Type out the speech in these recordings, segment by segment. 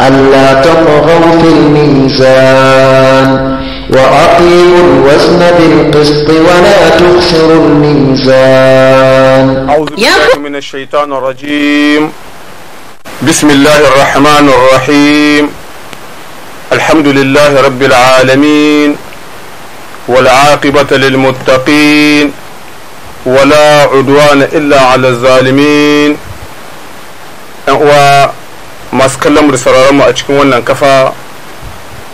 ألا تطغوا في الميزان وأقيموا الوزن بالقسط ولا تخسروا الميزان أعوذ بالله من الشيطان الرجيم بسم الله الرحمن الرحيم الحمد لله رب العالمين والعاقبة للمتقين ولا عدوان إلا على الظالمين masu kallon da sauraron mu a cikin wannan kafa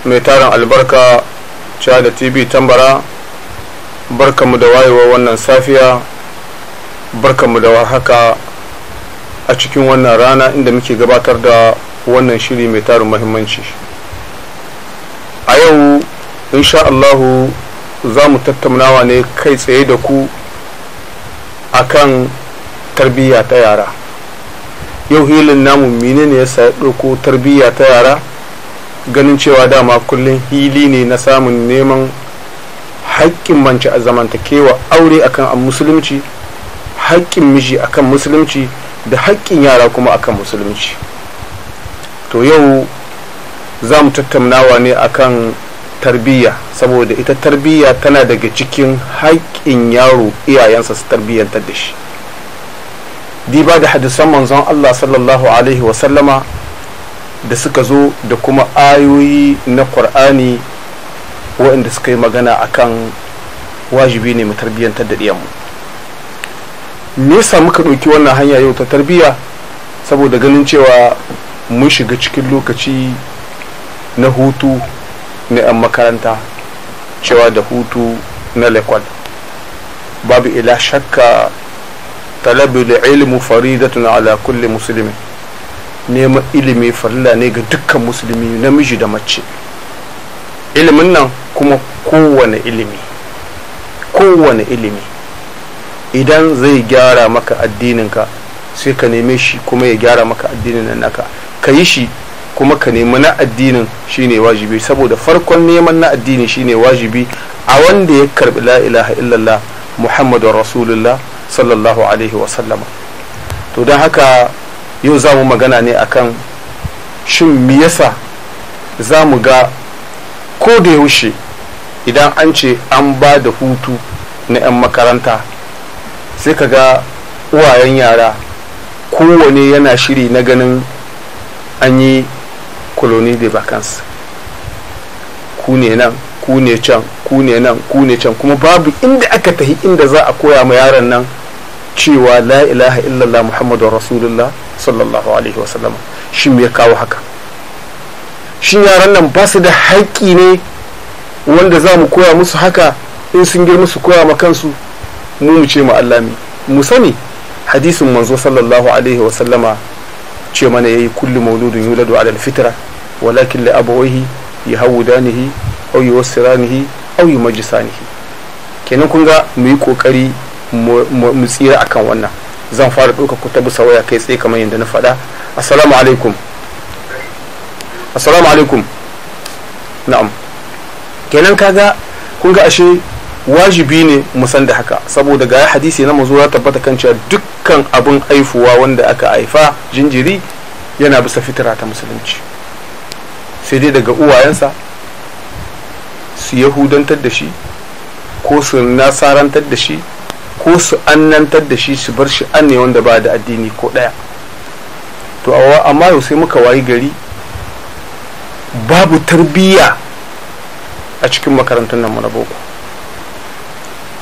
mai tarin albarka da tv tambara barkanmu da wayewa wannan safiya barkamu da haka a cikin wannan rana inda muke gabatar da wannan shiri mai tarin muhimmanci a yau insha allahu za mu tattaunawa ne kai tsaye da ku akan tarbiyya ta yara yau hilin namu menene ya sa ɗauko tarbiyya ta yara ganin cewa dama kullum hili ne na samun neman haƙƙin mace a zamantakewa aure akan musulunci haƙƙin miji akan musulunci da haƙƙin yara kuma akan musulunci to yau za mu tattaunawa ne akan tarbiyya saboda ita tarbiyya tana daga cikin haƙƙin yaro iyayensa su tarbiyyantar da shi diba da hadisan manzon Allah sallallahu alaihi wasallama da suka zo da kuma ayoyi na ƙwar'ani waɗanda suka yi magana akan wajibi ne mu tarbiyyantar da ɗiyanmu me muka ɗauki wannan hanya yau ta tarbiyya saboda ganin cewa mun shiga cikin lokaci na hutu na 'yan makaranta cewa da hutu na lekwal babu ila shakka talabul ilmu faridatun ala kulli muslimin neman ilimi farilla ne ga dukkan musulmi namiji da mace ilimin nan kuma kowane ilimi kowane ilimi idan zai gyara maka addininka sai ka neme shi kuma ya gyara maka addinin naka ka yi shi kuma ka nemi na addinin shine wajibi saboda farkon neman na addini shine wajibi a wanda ya karbi la ilaha illallah muhammadun rasulullah sallallahu alaihi wasallama to don haka yau za mu magana ne akan shin mi yasa za mu ga ko da yaushe idan an ce an ba da hutu na 'yan makaranta sai ka ga uwayen yara kowane yana shiri na ganin an yi koloni de vacances ku ne nan ku ne can ku ne nan ku ne can kuma babu inda aka tahi inda za a koya ma yaran nan cewa la ilaha illallah muhammadun rasulullah sallallahu alaihi wasallam shi me kawo haka shin yaran nan ba su da haƙƙi ne wanda za mu koya musu haka in sun girma su koya ma kansu mu mu ce mu Allah mu sani hadisin manzo sallallahu alaihi wa ce mana yayi kullu mauludun yuladu ala alfitra walakin li abawayhi yahawdanihi aw yuwassiranihi aw yumajisanihi kenan kun ga mu yi kokari mu tsira akan wannan zan fara ɗauka ku ta bisa waya kai tsaye kamar yadda na faɗa assalamu alaikum assalamu alaikum na'am kenan kaga kun ga ashe wajibi ne mu san da haka saboda ga hadisi na mazu ya tabbata kan cewa dukkan abin haifuwa wanda aka haifa jinjiri yana bisa fitira ta musulunci sai dai daga uwayensa su yahudantar da shi ko su nasarantar da shi ko su annantar da shi su bar shi an ne wanda ba da addini ko ɗaya to amma yau sai muka wayi gari babu tarbiyya a cikin makarantar nan na boko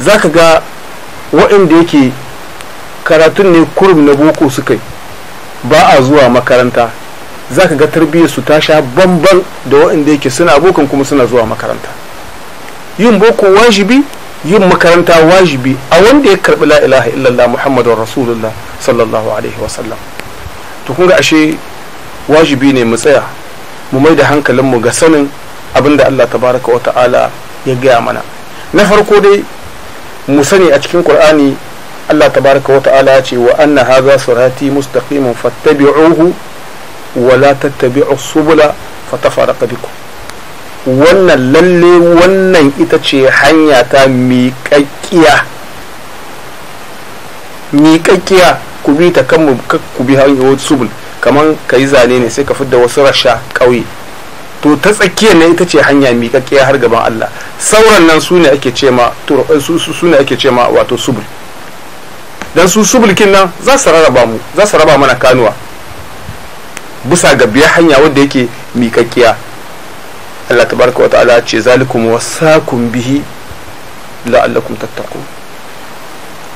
za ka ga waɗanda yake karatun ne kurum na boko suka yi ba a zuwa makaranta za ka ga tarbiyyar su ta sha da waɗanda yake suna bokan kuma suna zuwa makaranta yin boko wajibi yin makaranta wajibi a wanda ya karbi la ilaha illallah muhammadun rasulullah sallallahu alaihi wasallam to kun ga ashe wajibi ne mu tsaya mu mai da hankalinmu ga sanin abin da allah tabaraka wa ta'ala ya gaya mana na farko dai mu sani a cikin qur'ani allah tabaraka wa ta'ala ya ce wa anna hadha sirati mustaqimun fattabi'uhu wa la tattabi'us subula fatafarqa bikum wannan lalle wannan ita ce hanya ta miƙaƙƙiya miƙaƙƙiya ku bi ta kan ku bi hanyar subul kamar ka yi zane ne sai ka fidda wasu rasha ƙauye to ta tsakiya ne ita ce hanya miƙaƙƙiya har gaban Allah sauran nan su ne ake ce ma su ne ake ce ma wato subul dan su subulkin nan za su raraba mu za su raba mana kanuwa bisa ga biyar hanya wadda yake miƙaƙƙiya Allah tabaraka wa ta'ala ce zalikum wasakum bihi la'allakum tattaqun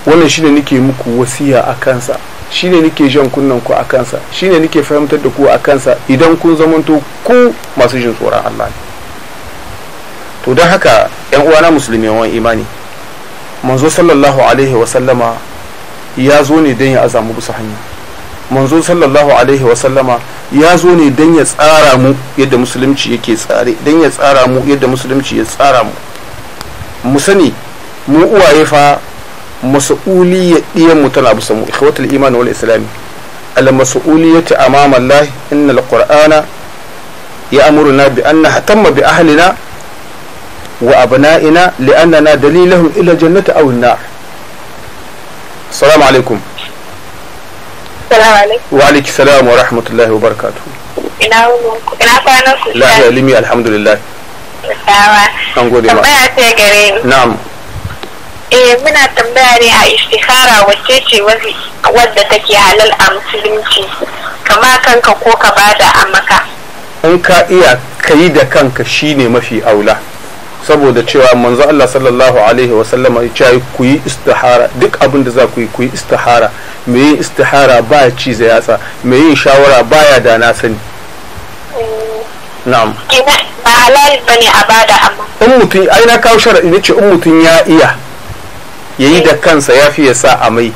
wannan shine nake muku wasiya a kansa shine nake jan kunnen ku a kansa shine nake fahimtar da ku a kansa idan kun zamanto ku masu jin tsoron Allah ne to don haka yan uwana musulmi wa imani manzo sallallahu alaihi wa sallama ya zo ne don ya azamu bisa hanya manzo sallallahu alaihi wasallama ya zo ne don ya tsara mu yadda musulunci yake tsare don ya tsara mu yadda musulunci ya tsara mu mu sani mu uwaye fa mas'uliyya diyan mu tana bisa mu ikhwatul iman wal islami al mas'uliyyatu amama Allah innal qur'ana ya'muruna bi an hatamma bi ahlina wa abna'ina li'annana dalilahum ila jannati aw an-nar assalamu alaikum Assalamu alaikum. Wa alaikum wa rahmatullahi wa Ina ina ku. Lafiya limi alhamdulillah. An gode ma. Tambaya ce gare ni. Na'am. Eh muna tambaya ne a istikhara wacce ce wadda take halal a musulunci kama kanka ko ka bada a maka. In ka iya kai da kanka shine mafi aula. saboda cewa manzo Allah sallallahu alaihi wa sallama ya ku yi istihara duk abin da za ku yi ku yi istihara me yin istihara ba ci zai yatsa me yin shawara ba ya da na sani na'am ba halal bane a bada amma in mutum ai na kawo sharadi ne ce in mutum ya iya yayi da kansa ya fi ya sa amai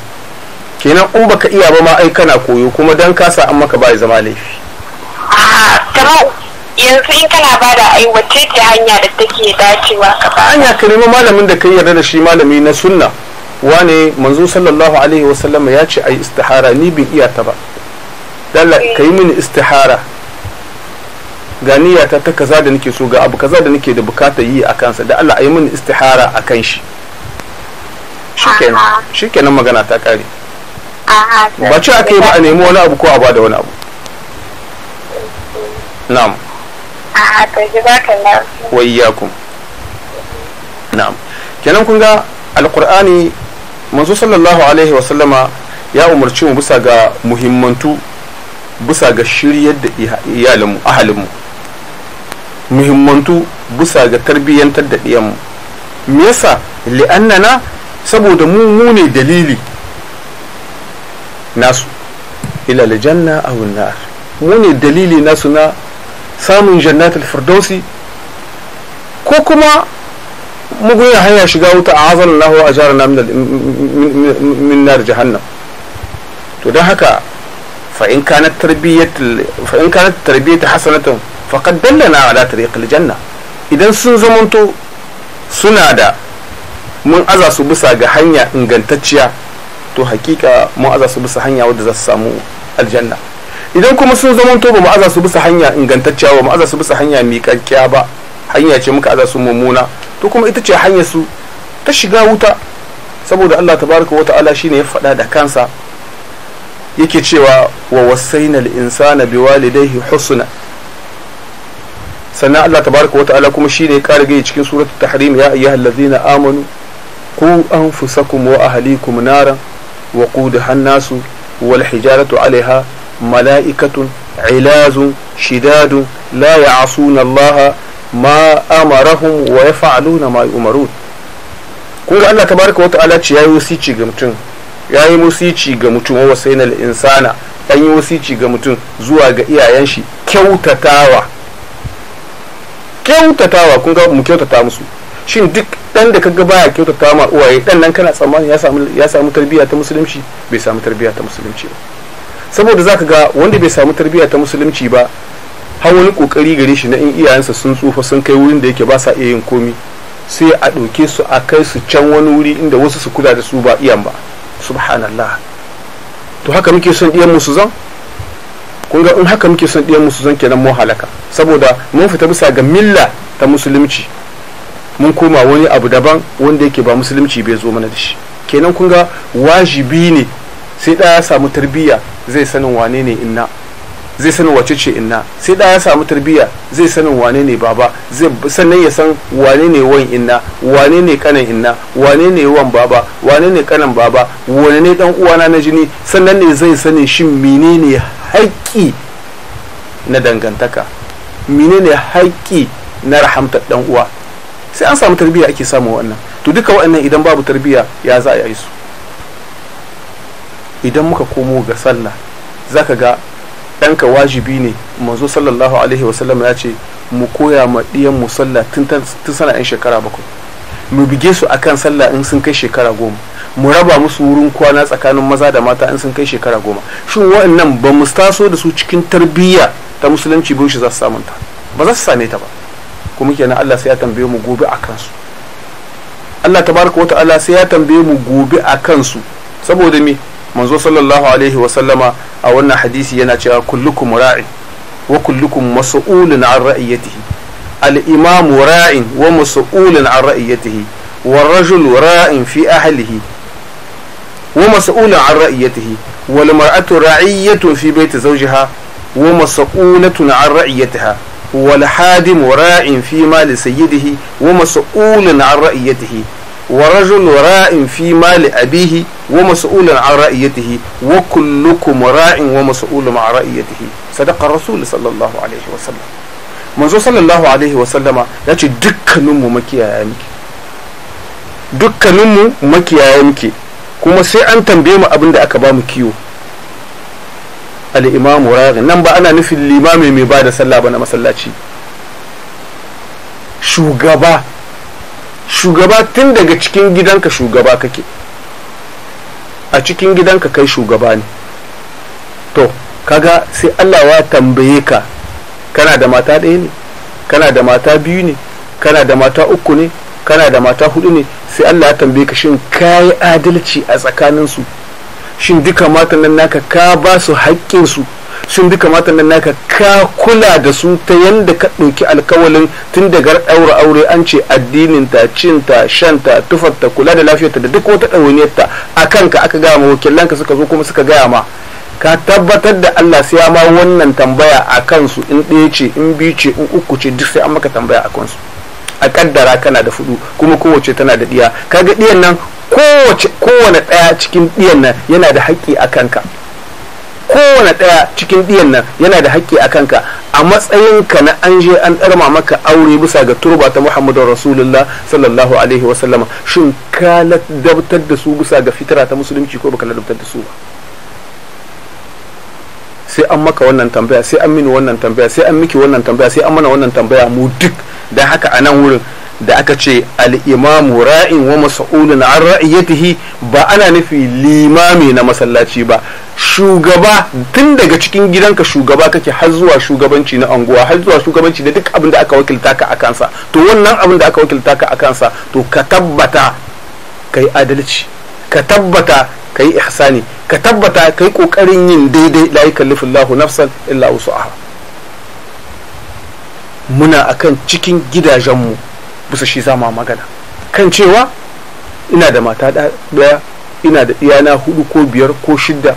kenan in baka iya ba ma ai kana koyo kuma dan ka sa an maka ba ya zama laifi a ah, kamar yanzu in kana ba da hanya da take dacewa ka ba hanya ka nemi malamin da kai yarda da shi malami na sunna wane manzo sallallahu alaihi wasallam ya ce ai istihara ni bin iya ta ba dalla eh. ka yi mini istihara ga ta kaza da nake so ga abu kaza da nake da bukata yi a kansa da Allah ayi mini istihara a kan shi shikenan shikenan magana ta kare ba ce aka yi ba a nemi wani abu ko a bada wani abu na'am wa iyyakum na'am kenan kun ga alqur'ani manzo sallallahu alaihi wa sallama ya umarci mu bisa ga muhimmantu bisa ga shiryar da iyalinmu ahalinmu muhimmantu bisa ga tarbiyyantar da ɗiyanmu me yasa li'annana saboda mu mu ne dalili nasu ila aljanna aw nar mu ne dalili nasu na samun jannatul firdausi ko kuma mugun hanya shiga wuta a azan Allah a jihar na min nar jahannam to don haka fa'in kanat tarbiyyata hasanatan na dallana ala tariqil janna idan sun zamanto suna da mun aza su bisa ga hanya ingantacciya to hakika mun aza su bisa hanya wadda za su samu aljanna idan kuma sun zama to ba mu su bisa hanya ingantacciya ba mu su bisa hanya miƙaƙƙiya ba hanya ce muka aza mummuna to kuma ita ce hanya su ta shiga wuta saboda Allah tabaraka wa ta'ala shine ya faɗa da kansa yake cewa wa wasaina al-insana walidayhi husna sannan Allah tabaraka wa ta'ala kuma shine ya kare gaya cikin suratul tahrim ya ayyuhallazina amanu ku anfusakum wa ahlikum nara wa qudha an-nasu wal hijaratu alaiha mala'ikatun ilazun shidadu la ya'asuna Allah ma amarahum wa yaf'aluna ma yu'marun kun ga Allah tabaraka wa ta'ala ce yayi wasici ga mutum yayi wasici ga mutum insana an yi wasici ga mutum zuwa ga iyayen shi kyautatawa kyautatawa kun ga mu kyautata musu shin duk dan da kaga baya kyautata ma uwaye dan nan kana tsammani ya samu ya samu tarbiyya ta musulunci bai samu tarbiyya ta musulunci ba saboda za ka ga wanda bai samu tarbiyya ta musulunci ba har wani kokari gare shi na in iyayensa sun tsufa sun kai wurin da yake ba sa iya yin komi sai a ɗauke su a kai su can wani wuri inda wasu su kula da su ba iyan ba subhanallah to haka muke son iyan musu zan kun ga in haka muke son iyan musu zan kenan mu halaka saboda mun fita bisa ga milla ta musulunci mun koma wani abu daban wanda yake ba musulunci bai zo mana da shi kenan kun ga wajibi ne sai ɗaya ya samu tarbiyya zai sanin wane ne inna zai sanin wace ce inna sai ɗaya ya samu tarbiyya zai sanin wane ne baba zai sannan ya san wane ne wan inna wane ne kanan inna wane ne wan baba wane ne kanan baba wane ne dan uwana na jini sannan ne zai sani shin menene haƙƙi na dangantaka menene haƙƙi na rahamtar dan uwa sai an samu tarbiyya ake samu wannan to duka wa'annan idan babu tarbiyya ya za a yi su idan muka komo ga sallah zaka ga ɗanka wajibi ne manzo sallallahu alaihi wasallam ya ce mu koya ma ɗiyan mu sallah tun sana yan shekara bakwai mu bige su akan sallah in sun kai shekara goma mu raba musu wurin kwana tsakanin maza da mata in sun kai shekara goma shin wa'annan ba mu taso da su cikin tarbiyya ta musulunci ba shi za su samunta ba za su same ta ba kuma kenan Allah sai ya tambaye mu gobe a kansu Allah tabaraka wata Allah sai ya tambaye mu gobe a kansu saboda me manzo sallallahu alaihi wa sallama a wannan hadisi yana cewa kullukum ra'in wa kullukum mas'ulun an ra'iyatihi al-imamu ra'in wa mas'ulun an ra'iyatihi wa rajul ra'in fi ahlihi wa mas'ulun an ra'iyatihi wal mar'atu ra'iyatun fi baiti zawjiha wa mas'ulatun an ra'iyatiha wal hadim ra'in fi mali sayyidihi wa mas'ulun an ra'iyatihi wa rajul ra'in fi mali abihi wa mas'ulun an ra'iyatihi wa kullukum ra'in wa mas'ulun an ra'iyatihi sadaqa rasul sallallahu alaihi wa sallam manzo sallallahu alaihi wa sallama yace dukkanin mu makiyaya muke dukkanin mu makiyaya muke kuma sai an tambaye mu abin da aka ba mu kiwo al-imamu nan ba ana nufin limami mai ba da sallah ba na masallaci shugaba shugaba tun daga cikin gidanka shugaba kake a cikin gidanka kai shugaba ne to kaga sai Allah ya tambaye ka kana da mata ɗaya ne kana da mata biyu ne kana da mata uku ne kana da mata hudu ne sai Allah ya tambaye ka shin kayi adalci a tsakanin su shin duka matan nan naka ka ba su haƙƙinsu sun bi kamata nan naka ka kula da su ta yanda ka ɗauki alkawalin tun daga ɗaura aure an ce addininta cinta shanta tufarta kula da lafiyarta da duk wata ɗawainiyarta a kanka aka gaya ma wakilanka suka zo kuma suka gaya ma ka tabbatar da Allah sai ya ma wannan tambaya a kansu in ɗaya ce in biyu ce in uku ce duk sai an maka tambaya a kansu a kaddara kana da fudu kuma kowace tana da ɗiya kaga ɗiyan nan kowace kowane ɗaya cikin ɗiyan nan yana da haƙƙi a kanka kowane ɗaya cikin ɗiyan nan yana da haƙƙi a kanka a matsayinka na an je an ɗarma maka aure bisa ga turba ta muhammadu rasulullah sallallahu alaihi wasallama shin ka ladabtar da su bisa ga fitara ta musulunci ko baka ladabtar da su ba sai an maka wannan tambaya sai an mini wannan tambaya sai an miki wannan tambaya sai an mana wannan tambaya mu duk da haka a nan wurin da aka ce al'imamu ra'in wa masa'ulun an ra'ayyatihi ba ana nufi limami na masallaci ba shugaba tun daga cikin gidanka shugaba kake har zuwa shugabanci na anguwa har zuwa shugabanci da duk abin da aka wakilta ka a kansa to wannan abin da aka wakilta ka a kansa to ka tabbata ka yi adalci ka tabbata ka yi ihsani ka tabbata ka yi kokarin yin daidai la yukallifu Allahu nafsan illa wusu'aha muna akan cikin gidajenmu bisa shi zama magana kan cewa ina da mata daya ina da iyana hudu ko biyar ko shidda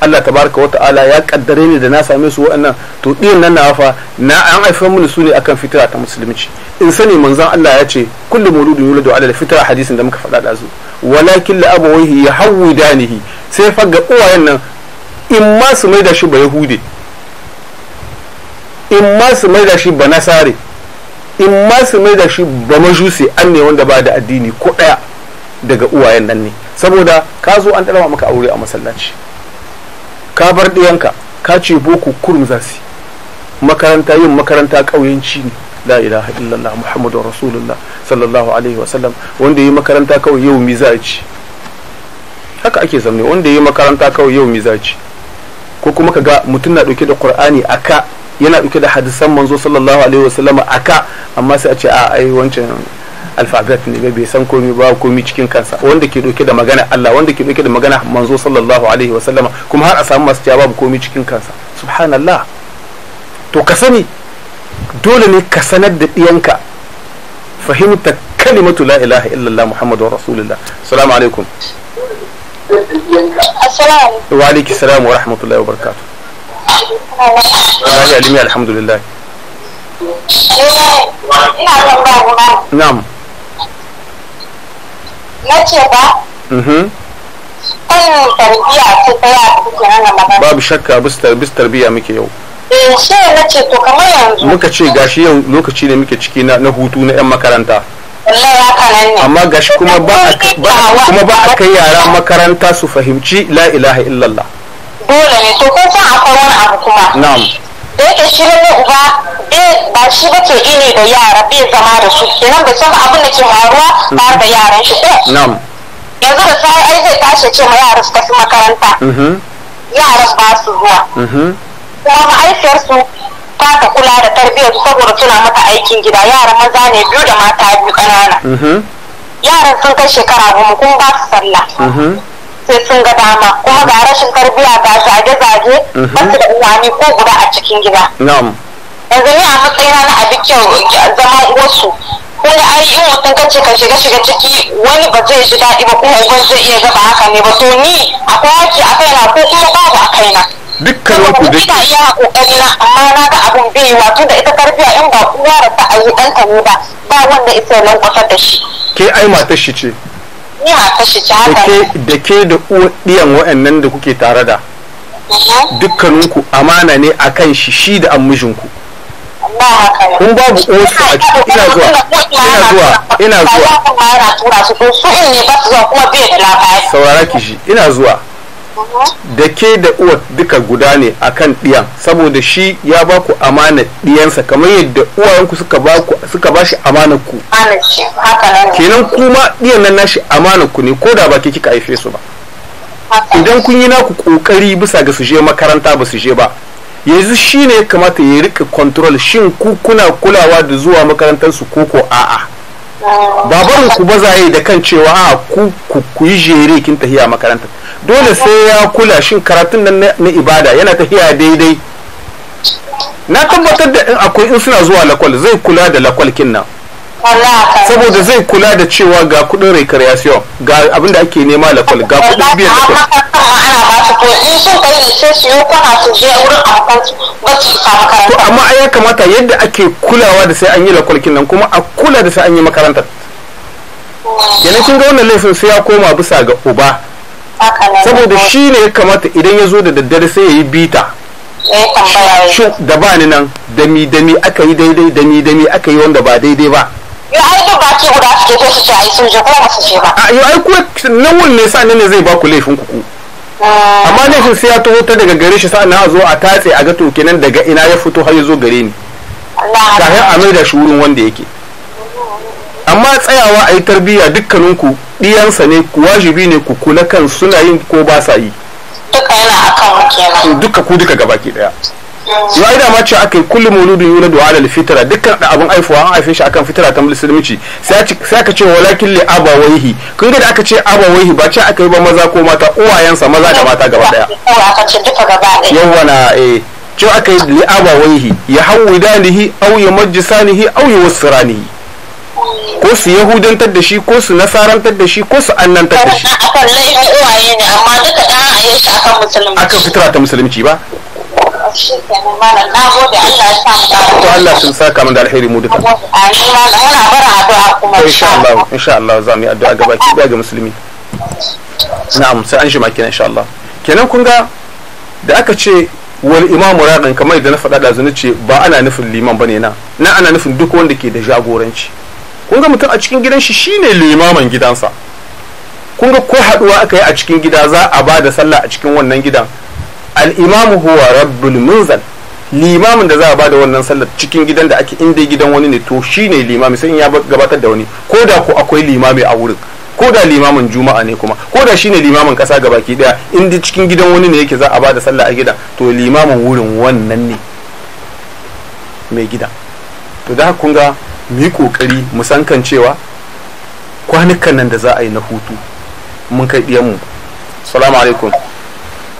Allah ta tabaraka wa ta'ala ya kaddare ni da na same su waɗannan to ɗiyan nan na fa na an haifa mini su ne akan fitira ta musulunci in sani manzon Allah ya ce kullu mauludun yuladu ala fitra hadisin da muka faɗa da su walakin la abawaihi yahwidanihi sai fa ga uwayen nan in ma su maida shi ba yahude in ma su maida shi ba nasare in ma su mai da shi ba majusi an ne wanda ba da addini ko ɗaya daga uwayen nan ne saboda ka zo an ɗarawa maka aure a masallaci ka bar ɗiyanka ka ce boko kurum za su makaranta yin makaranta ƙauyenci ne la ilaha illallah muhammadun rasulullah sallallahu alaihi wasallam wanda yi makaranta kawai yau mi za ci haka ake zamne wanda yi makaranta kawai yau mi za ci ko kuma ka ga mutum na ɗauke da qur'ani a ka yana ɗauke da hadisan manzo sallallahu alaihi wasallam aka amma sai a ce a ah, ai wancan alfabet ne bai san komai ba komai cikin kansa wanda ke ɗauke da magana Allah wanda ke ɗauke da magana manzo sallallahu alaihi wasallam kuma har a samu masu cewa babu komai cikin kansa subhanallah to ka sani dole ne ka sanar da ɗiyanka fahimta kalimatu la ilaha illallah muhammadu rasulullah salamu alaikum wa salam wa rahmatullahi wa barakatuh Na ji alimi alhamdulillah. Ina son ba kuma. Na'am. Na ce ba. Mhm. Kan tarbiya ce ta yara suke hana magana. Babu shakka bis tarbiya muke yau. Eh, shi na ce to kamar yanzu. Muka ce gashi yau lokaci ne muke ciki na hutu na 'yan makaranta. amma gashi kuma ba a kai yara makaranta su fahimci la ilaha illallah dole ne to kun san akwai wani abu kuma na'am da yake shi lalle uba eh, ba shi ba ke ine da yara bai zama da su kenan bai san abin da ke faruwa tare da yaran shi ko eh, na'am yanzu da sai ai zai tashi ce ma yara su tafi makaranta mm-hmm. yara ba su zuwa mm-hmm. kuma ma'aikiyarsu ta ka kula da tarbiyyar saboda suna mata aikin gida yara maza ne biyu da mata biyu ƙanana mm-hmm. yaran sun kai shekara goma kuma ba su sallah sai sun ga dama kuma ga rashin tarbiyya ga zage-zage mhm. ba su da tunani ko guda a cikin gida. yanzu ni a matsayina na abin kyau zama wasu wani ai in mutum ka ka shiga shiga ciki wani ba zai ji daɗi ba kuma wani zai iya gaba haka ne ba to ni akwai haƙƙi a kaina ko kuma babu a kaina. dukkan ku da ina iya kokari na amma na ga abin bai wato da ita karfiya in ba kowa da ta ayi ɗanta ne ba ba wanda isa lankwasar da shi. ke ai matar shi ce. Dake da ke da ɗiyan wa'annan da kuke tare da dukkaninku amana ne a kan shi shi da an mijinku kun babu osu a cikin ina zuwa ina zuwa ina zuwa saurara ki shi ina zuwa da ke da uwa duka guda ne a kan ɗiyan saboda shi ya ba ku amana ɗiyansa kamar yadda uwayenku suka ba shi amanar ku kenan kuma ɗiyan nan nashi amanar ku ne ko da ba ke kika haife su ba idan kun yi naku kokari bisa ga su makaranta ba su je ba yanzu shi ne ya kamata ya rika kontrol shin ku kuna kulawa da zuwa makarantar su koko a'a ba ku ba za da kan cewa a ku ku yi jere kin tahiya makaranta dole sai ya kula shin karatun nan na ibada yana tahiya daidai na tabbatar da in akwai in suna zuwa lakwal zai kula da lakwal kin nan saboda zai kula da cewa ga kudin recreation ga abin da ake nema da kwal ga kudin biyan da kwal ko to amma ai ya kamata yadda ake kulawa da sai an yi lakwal kwalkin nan kuma a kula da sai an yi makarantar yana kin ga wannan laifin sai ya koma bisa ga uba saboda shi ne ya kamata idan ya zo da daddare sai ya yi bita eh, da ba ni nan dami dami aka yi daidai dami dami aka yi wanda ba daidai ba yo ai duk baki guda ce ai sun je kuma su ba ne sa ne zai baku laifin kuku eh. amma laifin sai ya taho ta daga gare shi sa'an a zo a tatse a ga to kenan daga ina ya fito har ya zo gare ni kafin a mai da shi wurin wanda yake amma tsayawa a yi tarbiyya dukkaninku ɗiyansa ne ku wajibi ne ku kula kan suna yin ko ba sa yi duka yana akan kenan duka ku duka gaba ke daya zai da mace aka yi kullum mauludu yuna du'a alal fitara dukkan da abun aifuwa an haife shi akan fitara ta musulunci sai aka ce walakin li abawaihi kun ga da aka ce abawaihi ba ce aka yi ba maza ko mata uwayensa maza da mata gaba daya na eh ce aka yi li abawaihi ya hawwidanihi au ya nihi au ya wasu ranihi ko su yahudantar da shi ko su nasarantar da shi ko su annantar da shi akan laifin uwaye ne amma duka da a yi shi akan musulunci ta musulunci ba shi na gode Allah ya sa mu to Allah sun saka mu da alheri mu duka amin malam muna bara addu'a kuma insha Allah insha Allah za mu yi addu'a ga baki, ga musulmi na'am sai an shima kenan insha Allah kenan kun ga da aka ce wal imamu raɗin kamar yadda na faɗa da zuni ce ba ana nufin liman bane na na ana nufin duk wanda ke da jagoranci kun ga mutum a cikin gidan shi shine limaman gidansa kun ga ko haɗuwa aka yi a cikin gida za a ba da sallah a cikin wannan gidan al'imamu huwa rabbul munzal limamin da za a bada wannan sallar cikin gidan da ake inda gidan wani ne to ne limami sai in ya gabatar da wani ko da ko akwai limami a wurin ko da limamin juma'a ne kuma ko da shine limamin kasa gabaki daya inda cikin gidan wani ne yake za a bada sallah a gidan to limamin wurin wannan ne mai gida to da kun ga mu yi kokari mu san kan cewa kwanukan nan da za a yi na hutu mun kai diyanmu salamu alaikum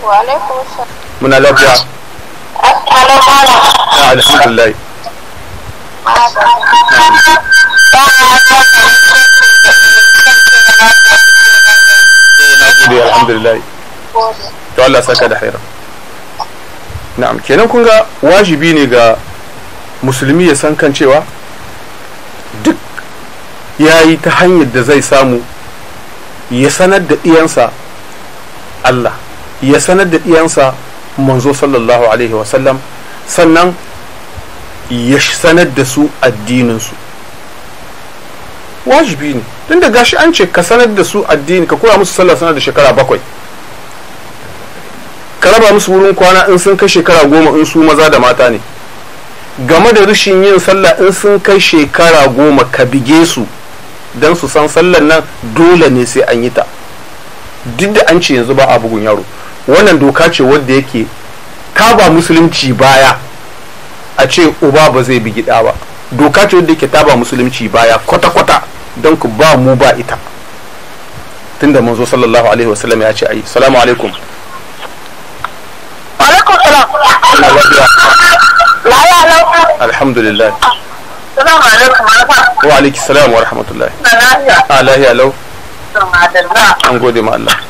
Wa alaikum salam. Muna lafiya. Ah, eh, alhamdulillah. To Allah saka da haira. Na'am kenan kun ga wajibi ne ga musulmi ya san kan cewa duk ya yi ta hanyar da zai samu ya sanar da iyansa Allah ya sanar da ɗiyansa manzo sallallahu alaihi wasallam sannan ya sanar da su addininsu wajibi ne tun da gashi an ce ka sanar da su addini ka kura musu sallah sanar da shekara bakwai ka raba musu wurin kwana in sun kai shekara goma in su maza da mata ne game da rashin yin sallah in sun kai shekara goma ka bige su don su san sallar nan dole ne sai an yi ta duk da an ce yanzu ba a bugun yaro wannan doka ce wadda yake ka ba musulunci baya a ce uba ba zai bi gida ba doka ce wadda yake ta ba musulunci baya kwata-kwata don ku ba mu ba ita tun da manzo sallallahu alaihi wasallam ya ce ayi salamu alaikum alaikum alhamdulillah salamu alaikum wa alaikum salam wa rahmatullah a lahiya lau an gode ma Allah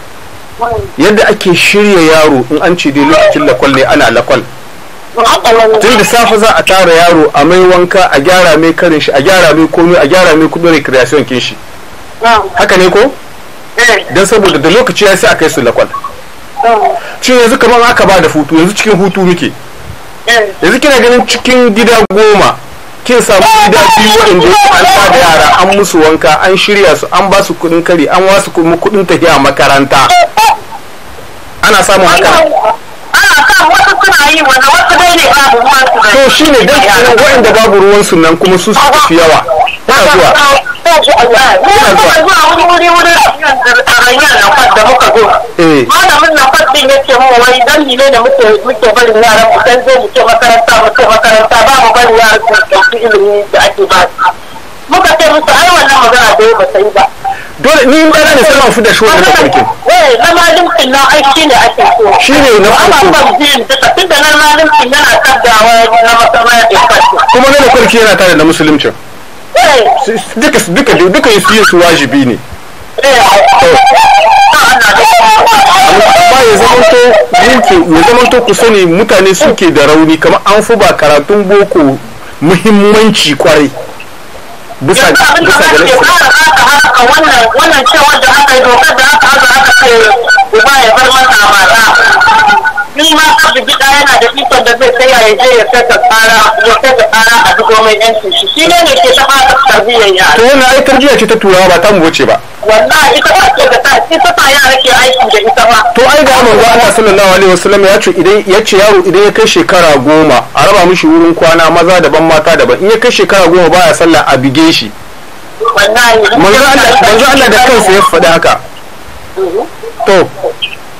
yadda ake shirya yaro in an ce dai lokacin lakwal ne ana lakwal tun da safe za a tara yaro a mai wanka a gyara mai karin shi a gyara mai komai a gyara mai kudin recreation kin shi haka ne ko eh. don saboda da lokaci ya sai a kai su lakwal shi yanzu kamar aka ba da hutu yanzu cikin hutu muke eh. yanzu kina ganin cikin gida goma kin samu eh, gida eh, biyu waɗanda an ba da yara an eh. musu wanka an shirya su an ba su kuɗin kari an wasu kuma kuɗin tafiya makaranta ana samun haka to shi ne dan waɗanda babu ruwan su nan kuma su su fi yawa Ina zuwa. Ina zuwa wani a din ya ce mu wai dan ne da muke muke barin yaran mu dan makaranta ba su. musu ba. dole ni ba na sanar su da shi wannan farkin eh na malimcin na ai ne ake so shi ne na farko amma ban jin da tunda na malimcin yana kaddawa na masamaya da farko kuma na farki yana tare da musulunci duka duka duka yin su wajibi ne amma ya zamanto yanki ku sani mutane suke da rauni kamar an fi ba karatun boko muhimmanci kwarai bisa bisa ga nake wannan wannan cewar da aka yi dokar da aka aka aka kai uba ya bar mata mata shi ma bibika yana da ikon da zai tsaya ya je ya saka tsara ya saka tsara a duk mai yanci shi shi ne ne ke ta fara tarbiyyar yara to wannan ai tarbiyya ce ta turawa ba ta mu wuce ba wallahi ita ba ce ta ita ta yara ke aiki da ita ba to ai ga manzo Allah sallallahu alaihi wasallam ya ce idan ya ce yaro idan ya kai shekara goma a raba mishi wurin kwana maza daban mata daban in ya kai shekara goma baya sallah a bige shi manzo Allah da kansa ya faɗi haka mhm. to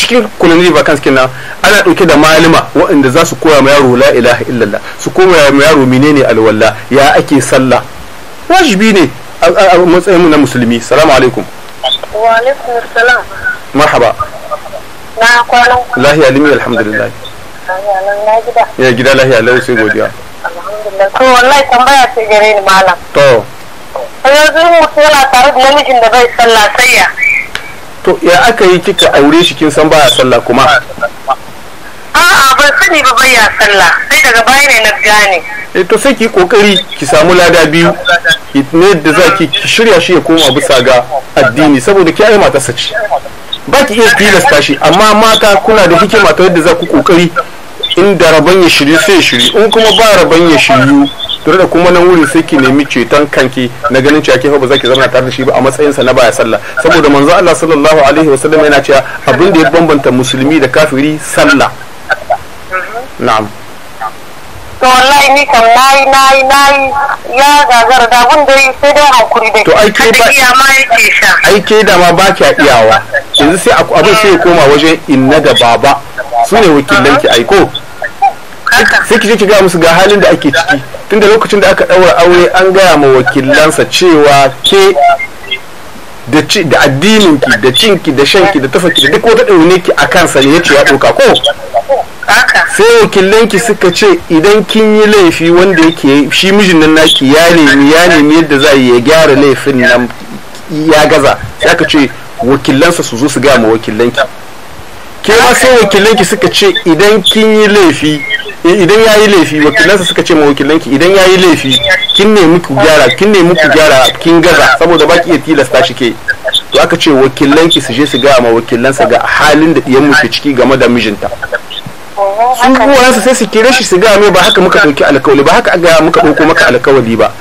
cikin kan suke na ana ɗauke da malama waɗanda za su koya ma yaro la ilaha illallah su koya ma yaro menene alwala ya ake sallah wajibi ne a matsayin na musulmi salamu alaikum wa alaikum salam marhaba na kwana lahiya limi alhamdulillah ya gida lahiya lai sai godiya alhamdulillah to wallahi tambaya ce gare ni malam to yanzu mutum yana tare da namijin da bai sallah sai ya to ya aka yi kika aure shi kin san baya sallah kuma a'a ban sani ba baya sallah sai daga baya ne na gane eh to sai ki kokari ki samu lada biyu ki ne da zaki ki shirya shi ya koma bisa ga addini saboda ki ai mata sace ba ki iya tilasta shi amma mata kuna da hikima ta yadda za ku kokari inda rabon ya shiryu sai ya shiryu in kuma ba rabon ya shiryu tare da kuma nan wurin sai ki nemi ceton kanki na ganin cewa ke ba za ki zama tare da shi ba a matsayin sa na baya sallah saboda manzo Allah sallallahu alaihi wasallam yana cewa abin da ya bambanta musulmi da kafiri sallah na'am to wallahi ni kan nayi nayi nayi ya gagara da abun da sai dai hakuri dai to ai ke ba iya ma yake sha ai ke da ma ba ka iyawa yanzu sai abin sai ya koma wajen inna da baba su ne wakilanki ai ko sai ki je ki ga musu ga halin da ake ciki tunda lokacin da aka ɗaura aure an gaya ma wakilansa cewa ke da addinin ki da cinki da shanki da tafaki da duk wata ɗaune ki a kansa ne yace ya ɗauka ko sai wakilan ki suka ce idan kin yi laifi wanda yake shi mijin nan naki ya nemi ya nemi yadda za ya gyara laifin nan ya gaza ya ka ce wakilansa su zo su gaya ma wakilanki ke ma sai wakilanki suka ce idan kin yi laifi Eh, idan yayi laifi wakilansa suka ce ma wakilanki idan ya yi laifi kin ne muku gyara kin ne muku gyara kin gaza saboda baki iya tilasta shi ke to aka ce wakilanki su je su gaya ma wakilansa ga halin da diyan muke ciki game da mijinta sun uwayensa sai su kire shi su gaya mai ba haka muka ɗauki alkawali ba haka ga muka ɗauko maka alkawali ba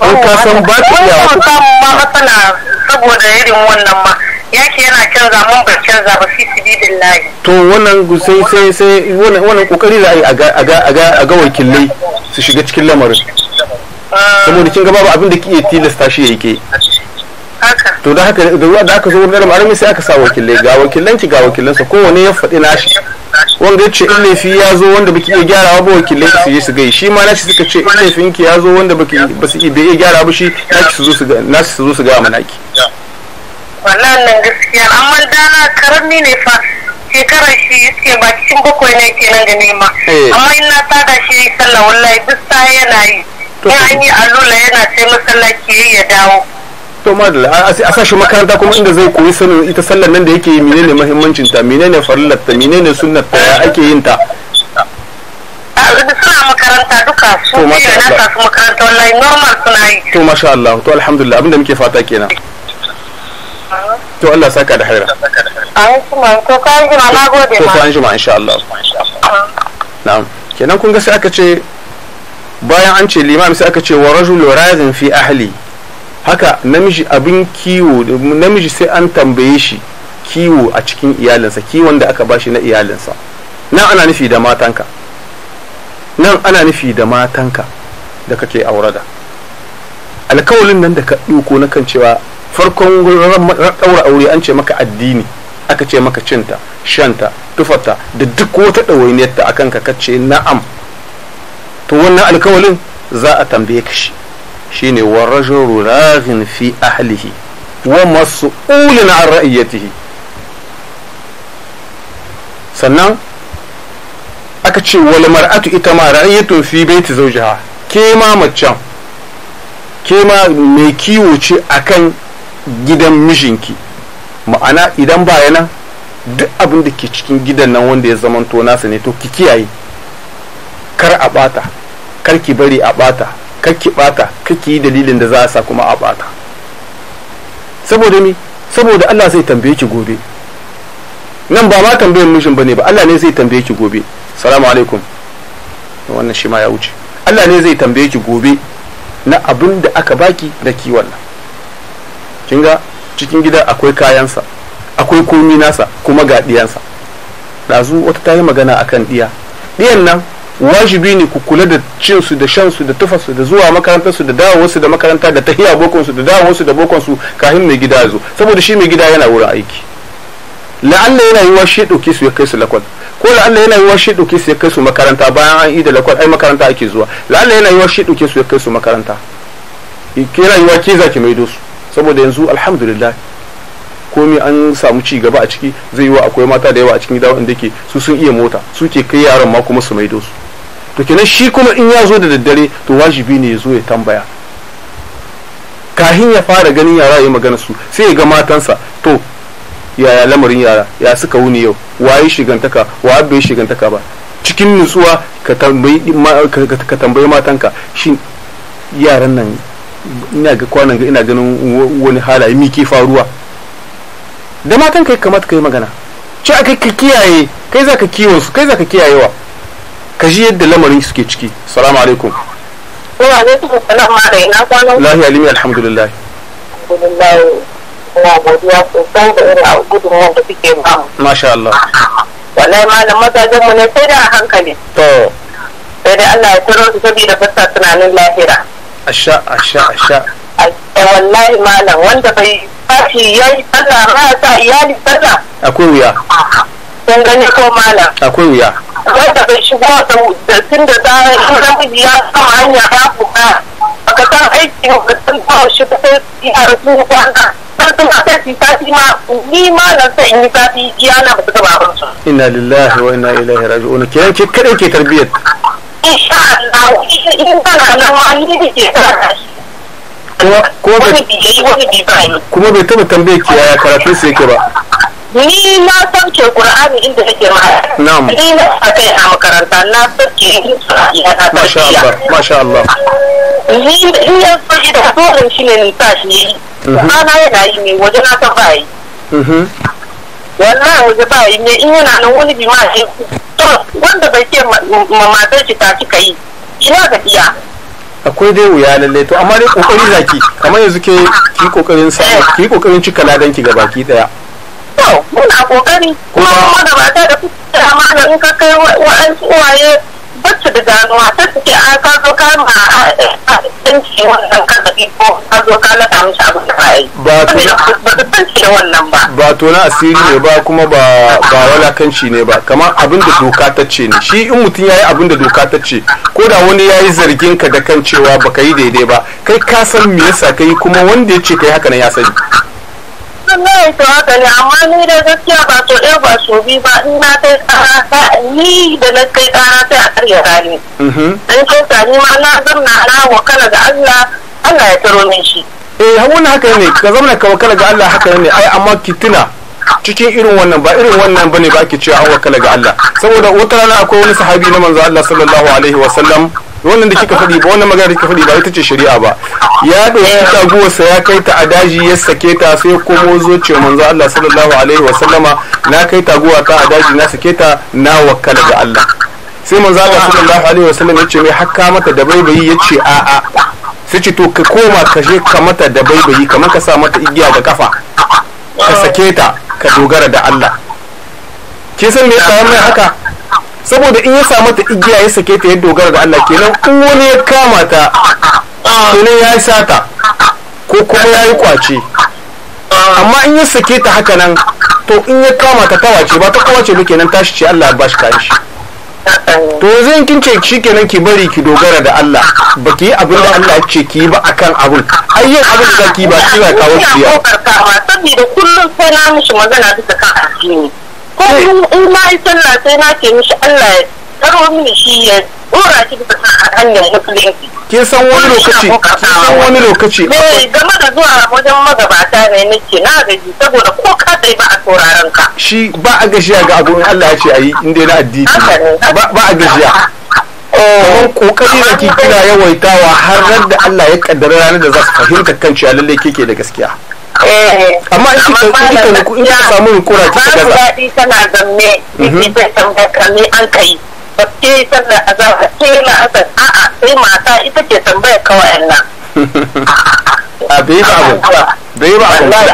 an ka san ba ta iya ba saboda irin wannan ma ya ce yana canza mun bar canza ba fi su bidin layi. to wannan sai sai sai wannan kokari za a yi a ga wakilai su shiga cikin lamarin saboda kin gaba ba abin da ke iya tilasta shi ya ke to da haka da ruwa da aka zo wurin arami sai aka sa wakilai ga wakilan ki ga wakilan sa kowane ya faɗi nashi wanda ya ce in laifi ya zo wanda baki iya gyarawa ba wakilai su je su gai shi ma nashi suka ce in laifin ki ya zo wanda baki ba su iya gyara ba shi naki su zo su ga nashi su zo su ga amanaki. wannan nan gaskiya amma dana karami ne fa shekarar shi yake ba cikin bakwai ne kenan da nema eh. amma ina tada shi sallah wallahi duk sa yana yi in an yi allula yana sai masallaci ya dawo to madalla a sa shi makaranta kuma inda zai koyi sanin ita sallar nan da yake yi menene muhimmancin ta menene farillar ta menene sunnar ta ya ake yin ta suna makaranta duka su biyu na su makaranta wallahi normal suna yi to masha Allah to alhamdulillah abinda muke fata kenan to Allah saka da haira to ka jima insha Allah na'am kenan kun ga sai aka ce bayan an ce limami sai aka ce wa rajul razin fi ahli haka namiji abin kiwo namiji sai an tambaye shi kiwo a cikin iyalinsa kiwon da aka bashi na iyalinsa nan ana nufi da matanka nan ana nufi da matanka da kake aurada alkawalin nan da ka ɗauko na kan cewa farkon ɗaura aure an ce maka addini aka ce maka cinta shanta tufarta da duk wata ɗawainiyarta a kanka ka ce na'am to wannan alkawalin za a tambaye ka shi shine wa rajulu raghin fi ahlihi wa mas'ulun an ra'iyatihi sannan aka ce wal mar'atu ita ma ra'iyatun fi baiti zawjiha ke ma ke ma mai kiwo ce akan gidan mijinki ma'ana idan ba yana duk abin da ke cikin gidan nan wanda ya zamanto nasa ne to ki kiyaye kar a bata kar ki bari a bata kar ki bata kar ki yi dalilin da za a sa kuma a bata saboda me saboda Allah zai tambaye ki gobe nan ba ma tambayin ba bane ba Allah ne zai tambaye ki gobe salamu alaikum wannan shi ma ya wuce Allah ne zai tambaye ki gobe na abin da aka baki da kiwon nan kin ga cikin gida akwai kayansa akwai komi nasa kuma ga ɗiyansa ɗazu wata ta yi magana akan diya ɗiyan nan wajibi ne ku kula da cin su da shan su da tufa su da zuwa makarantar su da dawowar su da makaranta da tahiya bokon su da dawowar su da bokon su kafin mai gida ya zo saboda shi mai gida yana wurin aiki la'alla yana yi wa shi ɗauke su ya kai su lakwal ko Allah yana yiwa shi ɗauke su ya kai su makaranta bayan an yi da lakwal ai makaranta ake zuwa la'alla yana yiwa shi ɗauke su ya kai su makaranta ke yiwa ke za ki maido su saboda yanzu alhamdulillah komi an samu ci gaba a ciki zai wa akwai mata da yawa a cikin gida wanda ke su sun iya mota su ke kai yaran ma kuma su maido su to kenan shi kuma in ya zo da daddare to wajibi ne ya zo ya tambaya kahin ya fara ganin yara ya magana su sai ya ga matansa to yaya lamarin yara ya suka wuni yau waye shigantaka wa abu ya shigantaka ba cikin nutsuwa ka tambayi matanka shin yaran nan ina ga kwanan ga ina ganin wani halaye mi ke faruwa da matan kai kamata kai magana ce a kai ka kiyaye kai za ka kiwon su kai za ka kiyayewa ka ji yadda lamarin suke ciki salamu alaikum wa alaikum salam alaikum lahiya limi alhamdulillah ina godiya sosai da irin gudunmuwan da suke ba masha Allah wallahi malam mazajen mu ne sai da hankali to sai dai Allah ya tsaro su saboda fasa tunanin lahira asha asha asha A wallahi malam wanda bai fashi yayi sallah ba sa iyali sallah akwai wuya sun gani ko malam akwai wuya wanda bai shigo da tun da zarar namiji ya kama hanya babu ba baka san aiki ba san ba shi ba sai yaran sun kwana إنا لله وإنا إليه راجعون كيان كيف كده كي تربية إن شاء الله كما بيتم تنبيه كي آيا كراتي سيكي با نعم ما شاء الله ما شاء الله rana yana yi ne waje na san ba yi wallahi waje ba yi ne in yana nan wani bi ma shi to wanda bai ce matar shi ta kika yi ina ga iya akwai dai wuya lalle to amma dai kokari zaki kamar yanzu ke ki kokarin sa eh. ki kokarin cika ladan ki gabaki daya to muna kokari kuma da ba ta da kuma in ka kai wa'an uwaye ba su da ganuwa ta su a ka zo ka a ɗanci wannan kazafi ko ka zo ka laɗa mishi abin da ba yi ba su san da wannan ba ba to na asiri ne ba kuma ba ba walakanci ne ba kamar abin da doka ta ce ne shi in mutum ya yi abin da doka ta ce ko da wani ya yi zargin ka da kan cewa baka yi daidai ba kai ka san me yasa yi kuma wanda ya ce ka yi haka nan ya sani wallahi to haka ne amma ni da gaskiya ba so ɗaya ba so biyu ba in na kai ƙara ta ni da na kai ƙara sai a karya rani. An mhm. kyauta ni ma na zamna na wakala ga Allah Allah ya taro min shi. Eh wannan haka ne ka zamna ka wakala ga Allah haka ne ai amma ki tuna cikin irin wannan ba irin wannan bane ba ki cewa an wakala ga Allah saboda wata rana akwai wani sahabi na manzo Allah sallallahu alaihi wa sallam wannan da kika faɗi ba wannan magana da kika faɗi ba ita ce shari'a ba ya ɗauki taguwarsa ya kai ta a daji ya sake ta sai komo zo ce manzo Allah sallallahu alaihi wa sallama na kai taguwa ta a daji na sake ta na wakala ga Allah sai manzo Allah sallallahu alaihi wa sallam ya ce mai hakka mata da bai ya ce a'a sai ce to ka koma ka je ka mata da bai kamar ka sa mata igiya da kafa ka sake ta ka dogara da Allah ke san me yasa mai haka saboda in ya samu ta igiya ya sake ta ya dogara ga Allah kenan in wani ya kama ta kenan ya yi sata ko kuma ya yi kwace amma in ya sake ta haka nan to in ya kama ta ta wace ba ta kwace ba kenan tashi ce Allah ba shi kayan shi to yanzu in kin ce shi kenan ki bari ki dogara da Allah ba ki yi abin da Allah ya ce ki yi ba akan abin ai yin abin da ki ba ki ba kawo shi ya saboda kullum sai na mishi magana bisa kan addini ko eh. in ma yi sallah sai na ce mishi Allah ya karo mini shi ya dora shi bisa hanyar musulunci kin san wani lokaci kin san wani lokaci eh game da zuwa wajen magabata ne nake na gaji saboda ko ka dai ba a sauraron ka shi ba a gajiya ga abun Allah ya ce ayi in dai na addini ba a gajiya oh. kamar kokari da kina yawaitawa har da Allah ya kaddara ranar da za su fahimta kan cewa lalle kike da gaskiya Eh, amma in kika samu rukura kika gaza ba daɗi tana zanne miji mhm. zai tambaya kame an kai ba ke sallar azaba ke la'asar a'a sai mata ita ke tambaya kawai nan a ah, bai ba abu bai ba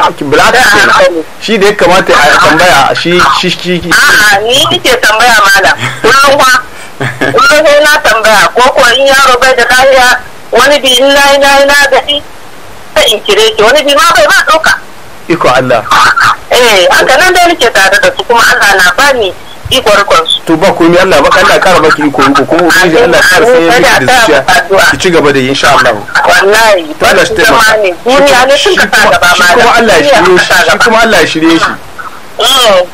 abu bulata kenan shi da ya kamata a tambaya shi shi shi a'a ni nake tambaya malam ruwa ruwa na tambaya ko ko in yaro bai da lafiya wani bi in na na na da sai in ki wani bi ma bai ba ɗauka. Iko Allah. Eh haka nan dai nake tare da su kuma Allah na bani iko su. To ba Allah ba Allah kara baki iko riko kuma ji Allah kara sai ya da zuciya ki ci gaba da yi insha Allah. Wallahi. To Allah shi taimaka. Duniya ne gaba ma. Kuma Allah shirye shi. Shi kuma Allah shirye shi. Oh,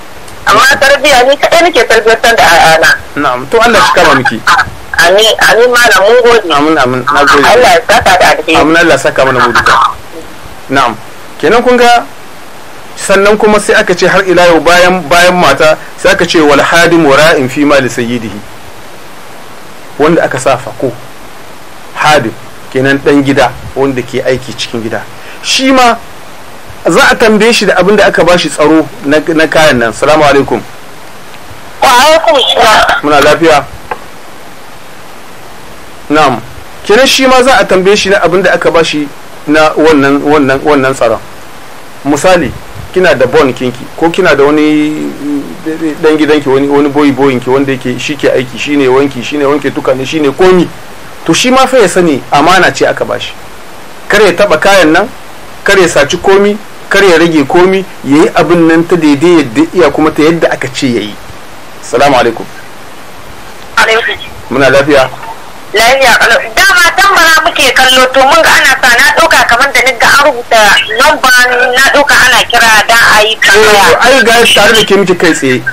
amma tarbiyya ni kaɗai nake tarbiyar da ayana. Na'am to Allah shi kama miki. Amin, amin mana mun gode. Amin, amin, na Allah ya saka da alheri. Amin, Allah ya saka mana mu duka. Na'am. Kenan kun ga sannan kuma sai aka ce har ila yau bayan bayan mata sai aka ce wal hadim ra'in fi mali sayyidihi wanda aka sa fako hadim kenan dan gida wanda ke aiki cikin gida shi ma za a tambaye shi da abin da aka bashi tsaro na kayan nan salamu alaikum wa alaikum muna lafiya na'am kenan shi ma za a tambaye shi na abin da aka ba shi na wannan wannan wannan tsaron misali kina da bon kinki ko kina da wani dan gidanki wani wani boyi boyin ki wanda yake shi ke aiki shine wanki shine wanke tukane shine komi to shi ma fa ya sani amana ce aka ba shi kar ya taba kayan nan kar ya saci komi kar ya rage komi yayi abin nan ta daidai yadda iya kuma ta yadda aka ce yayi assalamu alaikum muna lafiya dama tambara muke kallo to mun ga ana sa na dauka kamar da ni ga an rubuta lamba na dauka ana kira da ayi kallo ai ga tare da ke miki kai tsaye.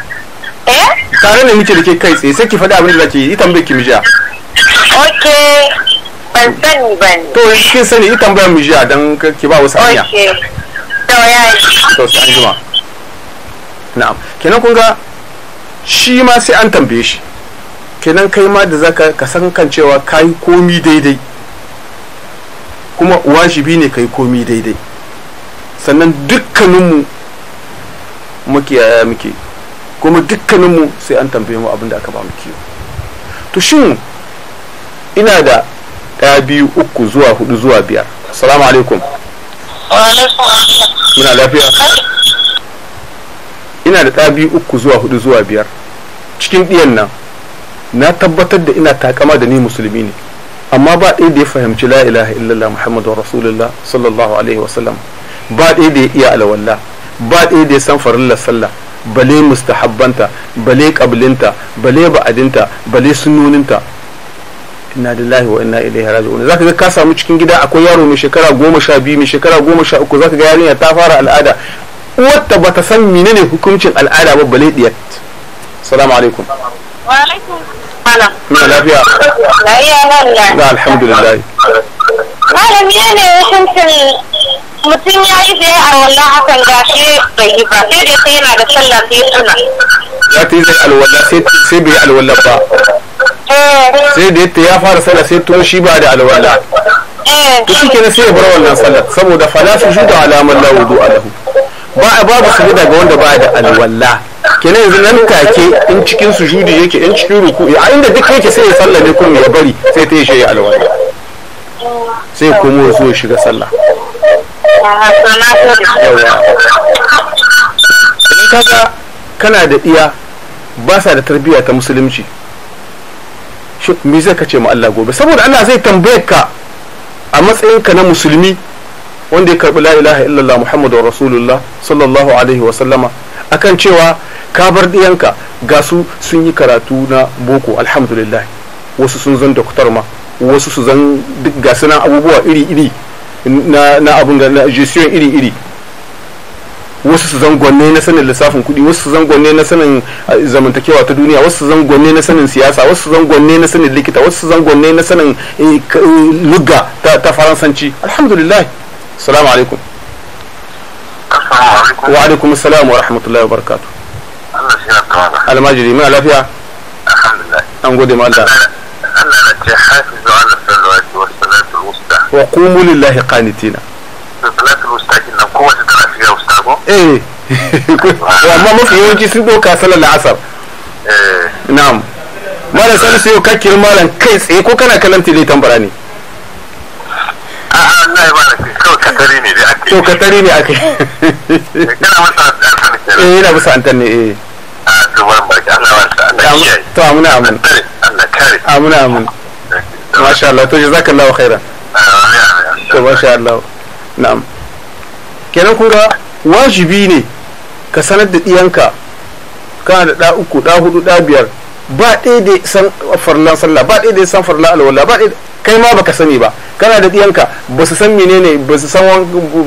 eh. tare da miki da ke kai tsaye sai ki faɗi abin da zaki yi tambaye ki mijiya. ok ban sani ba ne. to kin sani yi tambaye mijiya don ki ba wasu hanya. ok to ya yi. to sai an jima. na'am kenan kun ga shi ma sai an tambaye shi. kenan kai ma da zaka ka san kan cewa kai komi daidai kuma wajibi ne kai komi daidai sannan dukkaninmu muke yaya eh, muke kuma dukkaninmu sai an tambaye mu abin da aka ba mu kiwo to shin ina da ɗaya biyu uku zuwa hudu zuwa biyar assalamu alaikum muna lafiya ina da ɗaya biyu uku zuwa hudu zuwa biyar cikin ɗiyan nan na tabbatar da ina takama da ni musulmi ne amma ba ɗaya da ya fahimci la ilaha illallah muhammadu rasulullah sallallahu alaihi wasallam ba ɗaya da ya iya alawalla ba ɗaya da ya san farillar sallah bale mustahabbanta bale kablinta bale ba'adinta bale sunnoninta inna lillahi wa inna ilaihi raji'un zaka ga ka samu cikin gida akwai yaro mai shekara goma sha biyu mai shekara goma sha uku zaka ga yarinya ta fara al'ada uwarta bata san menene hukuncin al'ada ba bale diyat salamu alaikum وعليكم السلام. ما لا في أخ. لا يا لا لا. الحمد لله. ما لم يعني شمس المتين يا إذا أو لا عفن لا شيء طيبة. غير يقين على سلة في سنة. لا تيجي على ولا سيد سيد على ولا با. إيه. سيد يا فارس أنا سيد تو شيء بعد على ولا. إيه. تشي كنا سيد برا ولا سلة سمو دفلاس وجود على من لا وضوء له. ba a babu su ga wanda ba da alwala kenan yanzu nan take in cikin sujudi yake in cikin ruku a inda duk yake sai ya ne kuma ya bari sai ta yi shi alwala sai kuma ya zo ya shiga sallah kaga kana da iya ba sa da tarbiyya ta musulunci me zai kace ce gobe saboda Allah zai tambaye ka a matsayinka na musulmi wanda ya karbi la ilaha illallah wa rasulullah sallallahu alaihi wa sallama akan cewa ka bar diyanka ga su sun yi karatu na boko alhamdulillah wasu sun zan doktor ma wasu su zan ga suna abubuwa iri iri na na abun ga na gestion iri iri wasu su gwanne na sanin lissafin kuɗi wasu su gwanne na sanin zamantakewa ta duniya wasu su gwanne na sanin siyasa wasu su gwanne na sanin likita wasu su gwanne na sanin eh, eh, lugga ta faransanci alhamdulillah salamu alaikum wa alaikum salam wa rahmatullahi wa barakatu almajiri muna lafiya an gode ma Allah Allah na ce hafizu ala salawati wa salatul wusta wa qumu lillahi qanitina salatul wusta kin nan kowace tana shiga wusta ko eh mafi yawanci sun doka salar la'asar eh. na'am malam salisu yau kakkir malam kai tsaye ko kana kalan tele tambara a'a na yi ba na katari ne dai ake to katari ne ake eh, kana masa antan ne eh yana masa antan ne eh a to ban barka Allah wasa Allah to amuna amin Allah kare amuna amin masha Allah to jazakallahu khairan ah, to masha Allah na'am kenan kun ga wajibi ne ka sanar da ɗiyanka kana da ɗa uku da hudu da biyar ba ɗaya da san farlan sallah ba ɗaya da san farlan alwala ba ɗaya kai ma baka sani ba kana da ɗiyanka ba su san menene ba su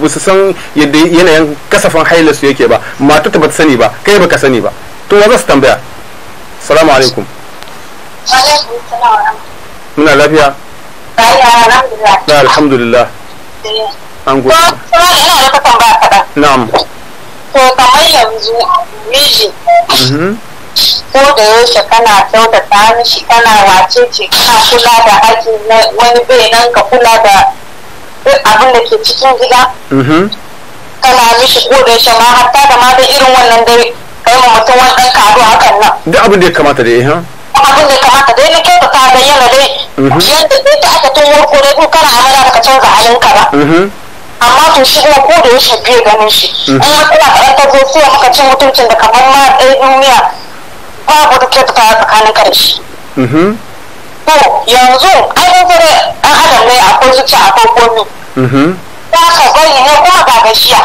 ba su san yadda yanayin kasafin hailar su yake ba mata ta bata sani ba kai baka sani ba to wa za su tambaya salamu alaikum muna lafiya na alhamdulillah eh. an gode na'am to kamar yanzu miji mm-hmm. ko da yaushe kana kyautata mishi kana wace ce kana kula da haƙƙin wani bai nan ka kula da abin da ke cikin gida mm-hmm. kana mishi ko da yaushe ma hatta da ma da irin wannan dai kai ma mutum wani ɗan kado hakan nan duk abin da ya kamata dai ha abin da ya kamata dai na kyautata da yana dai mm-hmm. yadda dai ta aka tun warko dai ko kana amana baka canza ka ba mm-hmm. amma to shi kuma ko da yaushe bai ganin shi in ya kula da ɗan ta zo sai maka cin mutuncin da kamar ma ɗaya duniya babu rikirta tsakanin karshe Ko mm-hmm. yanzu ai zare an adam ne akwai zuciya akwai komi ta mm-hmm. ka zai ne kuma ga gajiya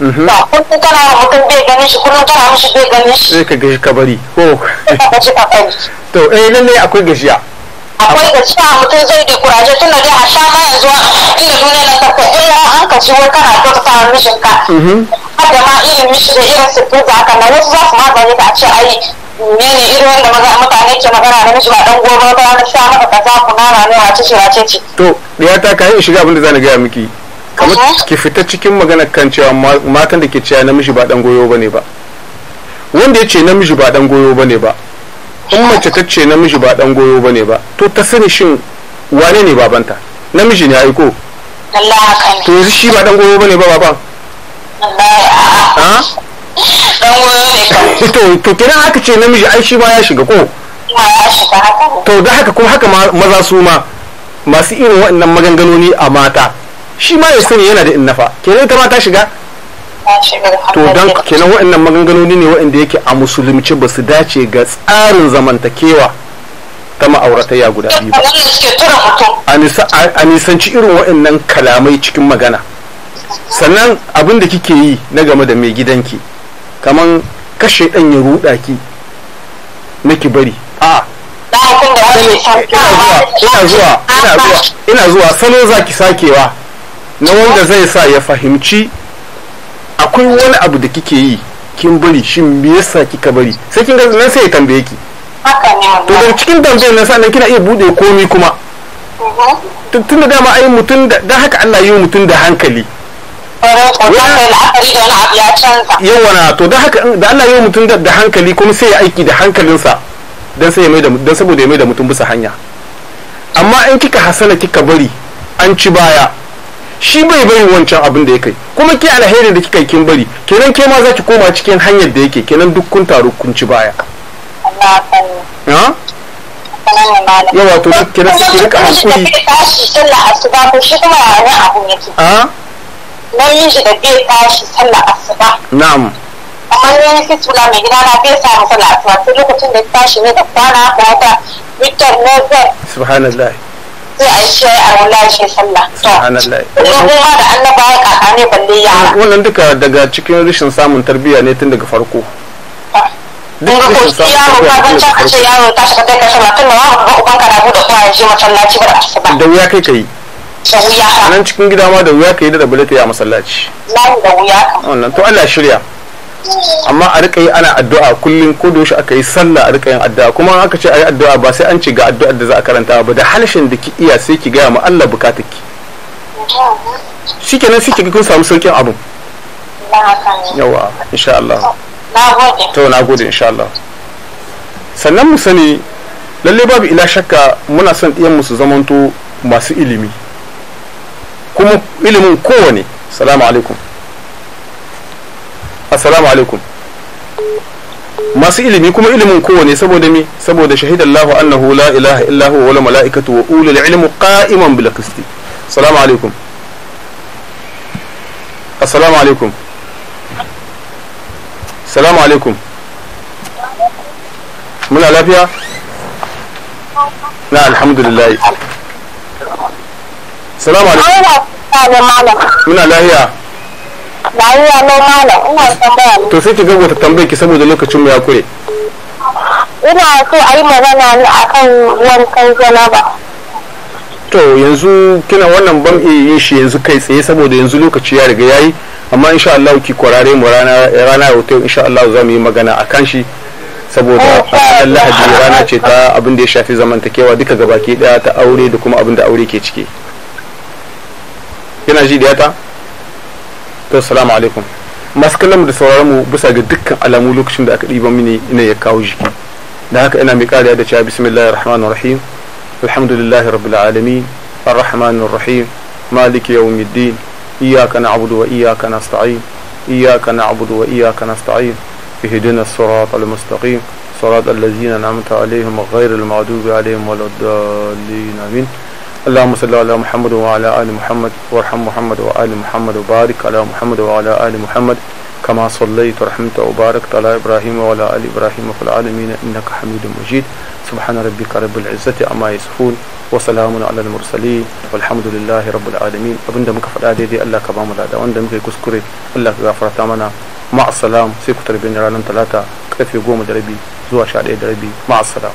ba mm-hmm. kullum tana wa mutum bai ganin shi kullum tana mishi bai ganin shi sai ka gaji kabari oh. ko to eh lalle akwai gajiya akwai gajiya mutum zai da kuraje tunda dai a sha ma yanzu inda duniya na tafi illa eh, an ka wani kana kyautata wa mishinka har da ma ilimin shi da irin sirrin da aka na wasu za su magani ka a ce ai ne irin wanda maza mutane ke magana na miji ba dan gobe wata wani sha maka kaza kunama ne wace ce wace ce to ya ta kayan shiga abin da zan gaya miki kamar ki fita cikin magana kan cewa matan da ke cewa namiji ba dan goyo bane ba wanda ya ce namiji ba dan goyo bane ba in mace ta ce namiji ba dan goyo bane ba to ta sani shin wane ne babanta namiji ne aiko to yanzu shi ba dan goyo bane ba baban Eh, to kenan haka ce namiji ai shi ba ya shiga ko to da haka kuma haka maza su ma masu irin waɗannan maganganoni a mata shi ma ya sani yana da innafa kenan ita ma ta shiga to don kenan waɗannan maganganoni ne waɗanda yake a musulunci ba su dace ga tsarin zamantakewa ta ma'auratayya guda biyu ba a nisanci irin waɗannan kalamai cikin magana sannan abin da kike yi na game da mai gidanki kaman kashe ɗan ya ruɗa ki na ki bari a ina zuwa ina zuwa ina zuwa salo za ki sakewa na wanda zai sa ya fahimci akwai wani abu da kike yi kin bari shin me yasa kika bari sai kin ga nan sai ya tambaye ki to daga cikin tambayar nan sannan kina iya bude komi kuma mhm. tun da dama ai mutum da haka Allah yi mutum da hankali yawana to da haka da Allah yau mutum da hankali kuma sai ya aiki da hankalinsa don sai ya mai da don saboda ya mai da mutum bisa hanya amma in kika hasala kika bari an ci baya shi bai bari wancan abin da ya kai kuma ke alheri da kika yi kin bari kenan ke ma ki koma cikin hanyar da yake kenan duk kun taru kun ci baya ah? yawa to kenan sai ki rika hankuli tashi sallah asuba ko shi kuma wani abu yake ah? na yi shi da bai tashi sallar asuba na'am amma ne fitula mai gida na bai a sallar asuba sai lokacin da tashi ne da kwana wata bitar nazar subhanallah sai a shi a wallahi shi sallah subhanallah ko kuma da annaba ya kaka ne balle yara wannan duka daga cikin rashin samun tarbiyya ne tun daga farko ta da wa karatu da kuma ya je a ba da kai kai da wuya nan cikin gida ma da wuya ka yi da dabule ta yi a masallaci da wuya ka wannan to Allah shirya amma a rika yi ana addu'a kullum ko da aka yi sallah a rika yin addu'a kuma an aka ce a yi addu'a ba sai an ci ga addu'ar da za a karanta ba da halshen da ki iya sai ki gaya ma Allah bukatar ki shikenan sai kun samu saukin abu. yawa insha Allah to na gode insha Allah sannan mu sani lalle babu ila shakka muna son ɗiyan mu su zamanto masu ilimi kuma ilimin kowane salamu alaikum assalamu alaikum masu ilimi kuma ilimin kowane saboda mi saboda shahidallahu annahu la ilaha illa huwa wal malaikatu wa ulul ilmi qa'iman bil qisti assalamu alaikum assalamu alaikum assalamu alaikum muna lafiya na alhamdulillah salamu alaikum muna lahiya lahiya no malam ina tambaya to sai ki ga wata tambayar ki saboda lokacin mu ya kure ina so a yi magana ne akan wankan janaba to yanzu kina wannan ban iya yin shi yanzu kai tsaye saboda yanzu lokaci ya riga yayi amma insha Allah ki kwarare mu rana rana yau insha Allah za mu yi magana akan shi saboda eh, ranar lahadi rana ce ta abin da ya shafi zamantakewa duka gabaki daya ta aure da kuma abin da aure ke ciki yana ji da yata to assalamu alaikum masu kallon da sauraron mu bisa ga dukkan alamu lokacin da aka ɗiba mini ina ya kawo jiki da haka ina mai kariya da cewa bismillahir rahmanir rahim alhamdulillahi rabbil alamin arrahmanir rahim maliki yawmiddin iyyaka na'budu wa iyyaka nasta'in iyyaka na'budu wa iyyaka nasta'in ihdinas siratal mustaqim صراط الذين أنعمت عليهم غير المغضوب عليهم ولا الضالين آمين اللهم صل على محمد وعلى آل محمد وارحم محمد وآل محمد وبارك على محمد وعلى آل محمد كما صليت ورحمت وباركت على إبراهيم وعلى آل إبراهيم في العالمين إنك حميد مجيد سبحان ربك رب العزة عما يصفون وسلام على المرسلين والحمد لله رب العالمين أبن دمك فلا دي دي الله كبام لا دا وان دمك يكسكري الله غفرت منا مع السلام سيكتر بين رانا ثلاثة كتفي قوم دربي زوا شعر دربي مع السلام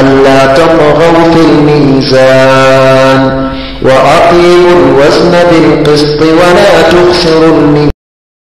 ألا تطغوا في الميزان وأقيموا الوزن بالقسط ولا تخسروا الميزان